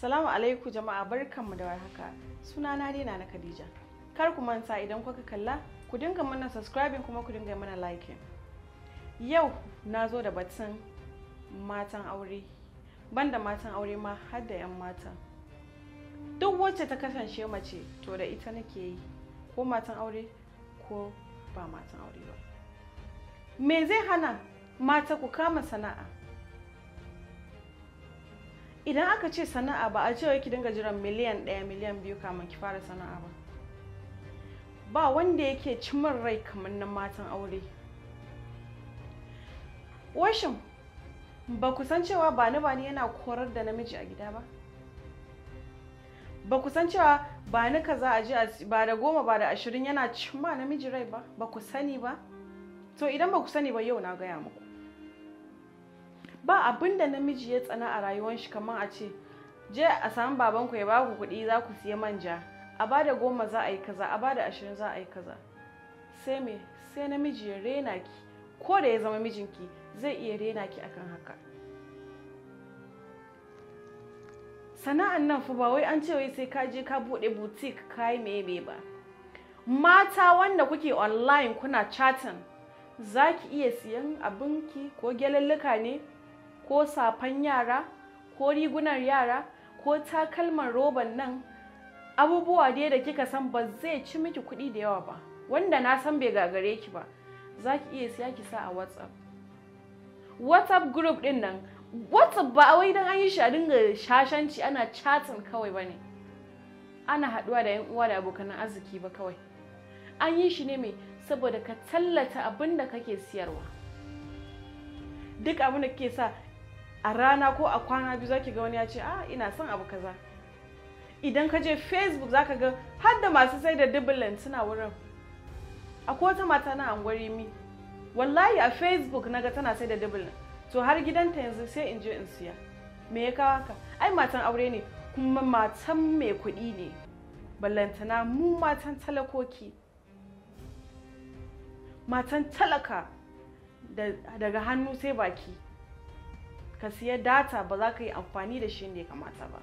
Salamu alaikum jama'a barkanmu da warhaka. Suna na dina na Khadija. Kar ku manta idan kuka kalla, ku dinga mana subscribing kuma ku dinga mana liking. Yau na zo da batun matan aure. Banda matan aure ma har da 'yan matan. Duk wacce ta kasance mace to da ita nake yi. Ko matan aure ko ba matan aure ba. Me zai hana mata ku kama sana'a? idan aka ce sana'a ba a cewa ki dinga jiran miliyan ɗaya miliyan biyu kamar ki fara sana'a ba ba wanda yake cimin rai kamar na matan aure washin ba ku san cewa bani ni yana korar da namiji a gida ba ba ku san cewa ba ni kaza a ji ba da goma ba da ashirin yana cimma namiji rai ba ba ku sani ba to idan ba ku sani ba yau na gaya muku ba abin da namiji ya tsana a rayuwar shi kamar a ce je a samu babanku ya baku kuɗi za ku siya manja a ba da goma za a yi kaza a ba da ashirin za a yi kaza sai me sai namiji ya rena ki ko da ya zama mijinki zai iya rena ki akan haka sana'an nan fa ba wai an ce wai sai ka je ka buɗe boutique ka yi meye ba mata wanda kuke online kuna chatting za ki iya siyan abinki ko gyalalluka ne ko safan yara ko rigunar yara ko takalman roban nan abubuwa dai da kika san ba zai ci miki kuɗi da yawa ba wanda na san bai gagare ki ba za ki iya siya ki sa a whatsapp whatsapp group din nan whatsapp ba wai don an yi shi a dinga shashanci ana chatin kawai ba ne ana haɗuwa da 'yan uwa da abokan arziki ba kawai an yi shi ne mai saboda ka tallata abinda kake siyarwa duk abin da kake sa a rana ko a kwana biyu zaki ga wani ya ce a ah, ina son abu kaza idan ka je facebook zaka ga har da masu sai da dubulan suna wurin akwai wata mata na angwari mi wallahi a facebook naga tana sai da dubulan to har gidanta yanzu sai in je in siya me ya kawo haka ai matan aure ne kuma matan mai kuɗi ne ballantana mu matan talakoki matan talaka daga hannu sai baki ka siya data ba za ka yi amfani da shi inda ya kamata ba